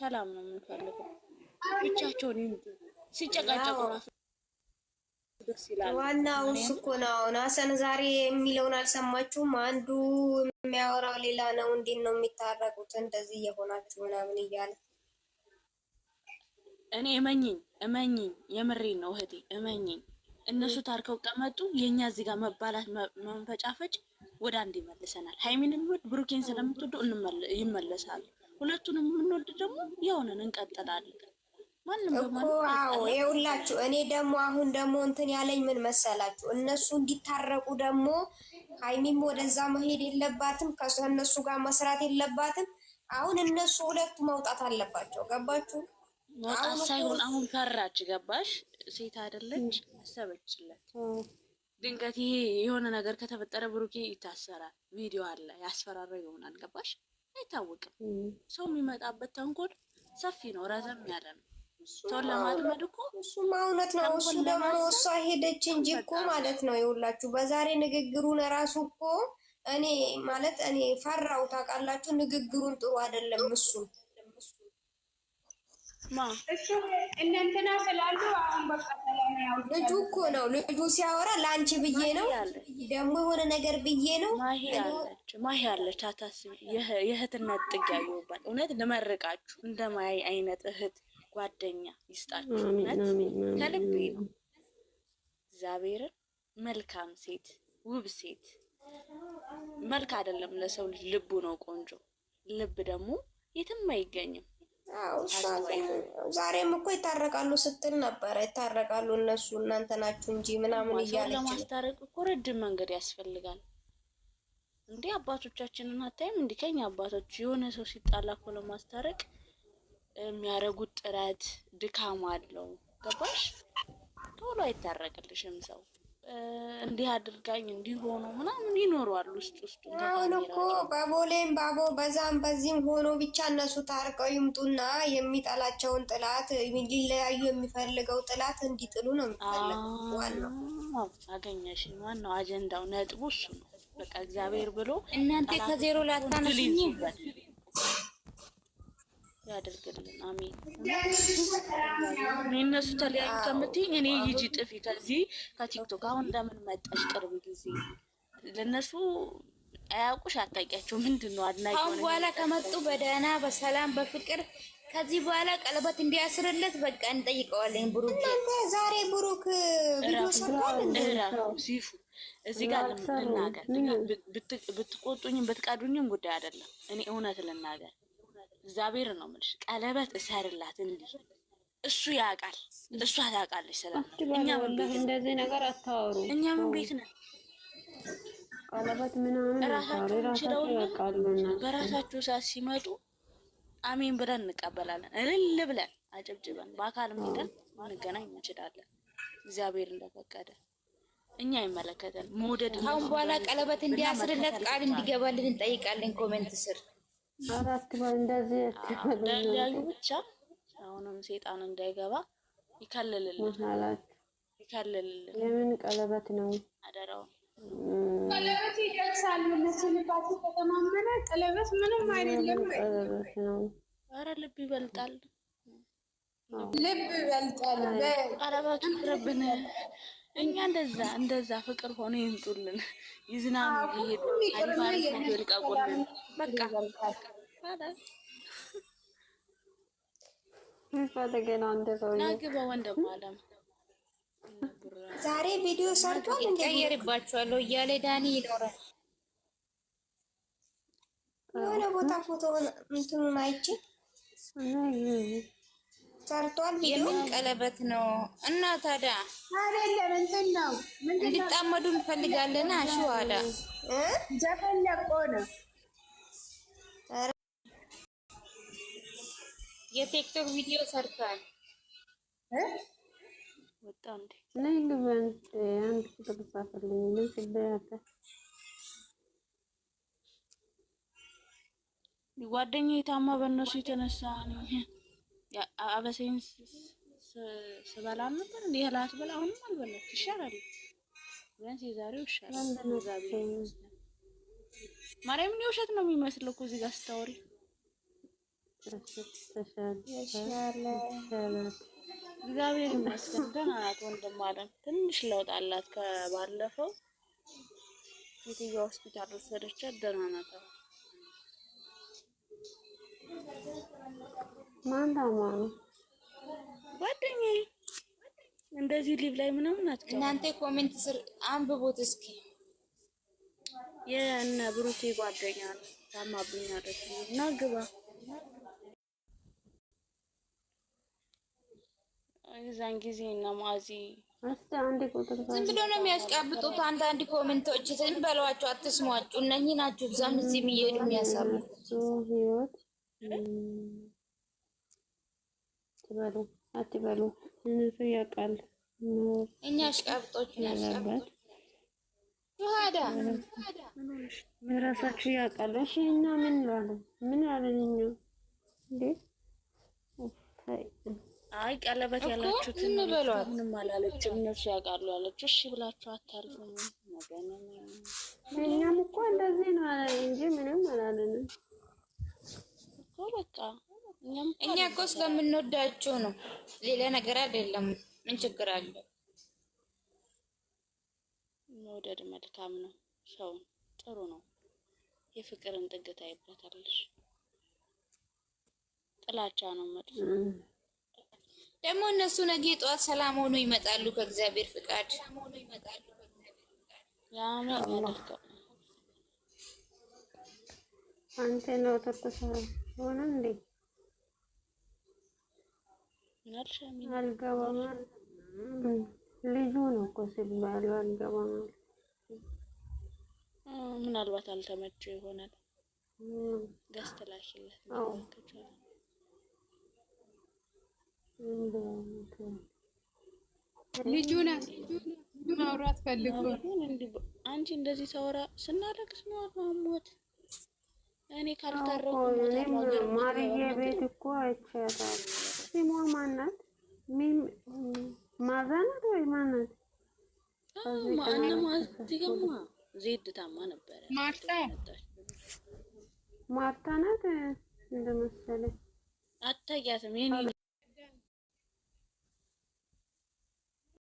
ሰላም ነው የምንፈልገው። ብቻቸውን እንጂ ሲጨቃጨቁ ራሱ ዋናው እሱ እኮ ነው። አሁን ሀሰን ዛሬ የሚለውን አልሰማችሁም? አንዱ የሚያወራው ሌላ ነው። እንዴት ነው የሚታረቁት? እንደዚህ እየሆናችሁ ምናምን እያለ እኔ እመኝኝ እመኝኝ፣ የምሬን ነው እህቴ እመኝኝ። እነሱ ታርከው ከመጡ የእኛ እዚህ ጋር መባላት መንፈጫፈጭ ወደ አንድ ይመልሰናል። ሀይሚንም ብሩኬን ስለምትወዱ ይመለሳሉ። ሁለቱንም የምንወድ ደግሞ የሆነን እንቀጥላለን። ማንም ይኸውላችሁ። እኔ ደግሞ አሁን ደግሞ እንትን ያለኝ ምን መሰላችሁ፣ እነሱ እንዲታረቁ ደግሞ ሀይሚም ወደዛ መሄድ የለባትም፣ ከእነሱ ጋር መስራት የለባትም። አሁን እነሱ ሁለቱ መውጣት አለባቸው። ገባችሁ? መውጣት ሳይሆን አሁን ፈራች። ገባሽ? ሴት አይደለች፣ አሰበችለት። ድንገት ይሄ የሆነ ነገር ከተፈጠረ ብሩኬ ይታሰራል፣ ቪዲዮ አለ፣ ያስፈራራ ይሆናል። ገባሽ? አይታወቅም። ሰው የሚመጣበት ተንኮል ሰፊ ነው፣ ረዘም ያለ ነው። ሰውን ለማጥመድ እኮ እሱማ እውነት ነው። እሱ ደግሞ እሷ ሄደች እንጂ እኮ ማለት ነው። ይኸውላችሁ በዛሬ ንግግሩን እራሱ እኮ እኔ ማለት እኔ ፈራው ታውቃላችሁ። ንግግሩን ጥሩ አይደለም እሱ ልጁ እኮ ነው ልጁ ሲያወራ ለአንቺ ብዬ ነው፣ ደግሞ የሆነ ነገር ብዬ ነው። ማሂ አለች አታስቢ። የእህትነት ጥግ ያየሁባት እውነት ልመርቃችሁ። እንደ ማሂ አይነት እህት ጓደኛ ይስጣችሁ። እውነት ከልቤ ነው። እግዚአብሔርን መልካም ሴት፣ ውብ ሴት። መልክ አይደለም ለሰው ልጅ ልቡ ነው ቆንጆ። ልብ ደግሞ የትም አይገኝም። ዛሬም እኮ ይታረቃሉ ስትል ነበረ። ይታረቃሉ እነሱ እናንተ ናችሁ እንጂ ምናምን እያለች ለማስታረቅ እኮ ረጅም መንገድ ያስፈልጋል። እንዲህ አባቶቻችንን አታይም? እንዲ ከኛ አባቶች የሆነ ሰው ሲጣላ እኮ ለማስታረቅ የሚያደርጉት ጥረት ድካም አለው። ገባሽ? ቶሎ አይታረቅልሽም ሰው እንዲህ አድርጋኝ እንዲህ ሆኖ ምናምን ይኖረዋል ውስጥ ውስጡ። አሁን እኮ በቦሌም ባቦ በዛም በዚህም ሆኖ ብቻ እነሱ ታርቀው ይምጡና የሚጠላቸውን ጥላት ሊለያዩ የሚፈልገው ጥላት እንዲጥሉ ነው የሚፈለገው። ዋናው ዋናው አጀንዳው ነጥቡ እሱ ነው። በቃ እግዚአብሔር ብሎ እናንተ ከዜሮ ላታነሱኝ ያደርግልን። አሜን። እነሱ ተለያዩ ከምትይኝ እኔ ይጂ ጥፊ ከዚህ ከቲክቶክ አሁን ለምን መጣሽ? ቅርብ ጊዜ ለእነሱ አያውቁሽ አታውቂያቸው። ምንድን ነው አድናቂ አሁን በኋላ ከመጡ በደህና በሰላም በፍቅር ከዚህ በኋላ ቀለበት እንዲያስርለት በቃ እንጠይቀዋለን። ብሩክ ዛሬ ብሩክ ሲፉ እዚህ ጋር ልናገር፣ ብትቆጡኝም ጉዳይ አይደለም። እኔ እውነት ልናገር እግዚአብሔር ነው የምልሽ። ቀለበት እሰርላት እንዲህ እሱ ያውቃል፣ እሷ ታውቃለች። ስለ እኛ ነገር አታወሩ። እኛ ምን ቤት ነን? ቀለበት ምናምን ራሳቸው በራሳቸው ሰዓት ሲመጡ አሜን ብለን እንቀበላለን፣ እልል ብለን አጨብጭበን በአካል ሄደን እንገናኝ እንችላለን፣ እግዚአብሔር እንደፈቀደ እኛ ይመለከተን መውደድ። አሁን በኋላ ቀለበት እንዲያስርለት ቃል እንዲገባልን እንጠይቃለን። ኮሜንት ስር አራት ባል እንደዚህ ያዩ ብቻ አሁንም ሴጣን እንዳይገባ ይከልልልን ይከልልልን። የምን ቀለበት ነው አደራው? ቀለበት ይደርሳል ለስልባት ከተማመነ ቀለበት ምንም አይደለም። ቀለበት ነው። አረ ልብ ይበልጣል፣ ልብ ይበልጣል። ቀለበት ቅርብን እኛ እንደዛ እንደዛ ፍቅር ሆኖ ይምጡልን፣ ይዝናኑ፣ ይሄዱ፣ ይልቀቁልን። በቃ ዛሬ ቪዲዮ ሰርቷል። ቀየርባቸዋለሁ እያለ ዳኒ ይኖራል የሆነ ቦታ ፎቶ እንትኑን አይቼ ሰርቷል። የምን ቀለበት ነው? እና ታዲያ አይደለም እንትን ነው እንዲጣመዱ እንፈልጋለን። አሽ ዋላ ዘፈን ነው የቲክቶክ ቪዲዮ ሰርቷል። ጓደኛ የታማ በእነሱ የተነሳ ነው። አበሳይን ስበላ ነበር እንዴ ያላት በላ አሁንም አልበላች ይሻላል። ቢያንስ የዛሬው ይሻላል። ማርያምን የውሸት ነው የሚመስለው እኮ እዚህ ጋር ስታወሪ እግዚአብሔር ይመስገን ደህና ናት። ወንድም አለም ትንሽ ለውጥ አላት። ከባለፈው ሴትዮዋ ሆስፒታል ወሰደቻት። ደህና ናት። ማን ታማ ነው? ጓደኛዬ እንደዚህ ሊብ ላይ ምናምን አትቀር። እናንተ ኮሜንት ስር አንብቦት እስኪ። የእነ ብሩኬ ጓደኛ ነው ታማብኛለች እና ግባ እዛን ጊዜ እና ማዚ አንድ ቁጥር ዝም ብሎ ነው የሚያስቀብጡት። አንዳንድ ኮሜንቶች ዝም በሏቸው፣ አትስሟቸው። እነኚህ ናቸው እዛም እዚህም እየሄዱ የሚያሳሉ ህይወት አትበሉ አትበሉ። እነሱ ያውቃል። እኛ አሽቃብጦች ያለበት ራሳችሁ ያውቃል። እሺ እና ምን አሉ ምን አለን እንዴ? አይ ቀለበት ምንም አላለችም። እነሱ ያውቃሉ አለች። እሺ ብላችሁ ነገ እኛ እኮ ስለምንወዳችሁ ነው፣ ሌላ ነገር አይደለም። ምን ችግር አለ? መውደድ መልካም ነው፣ ሰው ጥሩ ነው። የፍቅርን ጥግ ታይበታለሽ። ጥላቻ ነው መጥፎ። ደግሞ እነሱ ነገ ጠዋት ሰላም ሆኖ ይመጣሉ ከእግዚአብሔር ፍቃድ አንተ ነው ተርኩሰ ሆነ እንዴ? አልገባም። ልጁ ነው እኮ ስል አልገባም። ምናልባት አልተመቸው ይሆናል። ገዝት ላኪለት ማውራት ፈልጎ አንቺ እንደዚህ ሰውራ ስናለቅስ ነው አሟሟት። እኔ ካልታረኩ ማርዬ ቤት እኮ አይቻታል ስሟ ማናት? ሚም ማዛናት ወይ ማናት? ዜድ ነበረ። ማርታ ማርታ ናት እንደመሰለኝ አታውቂያትም።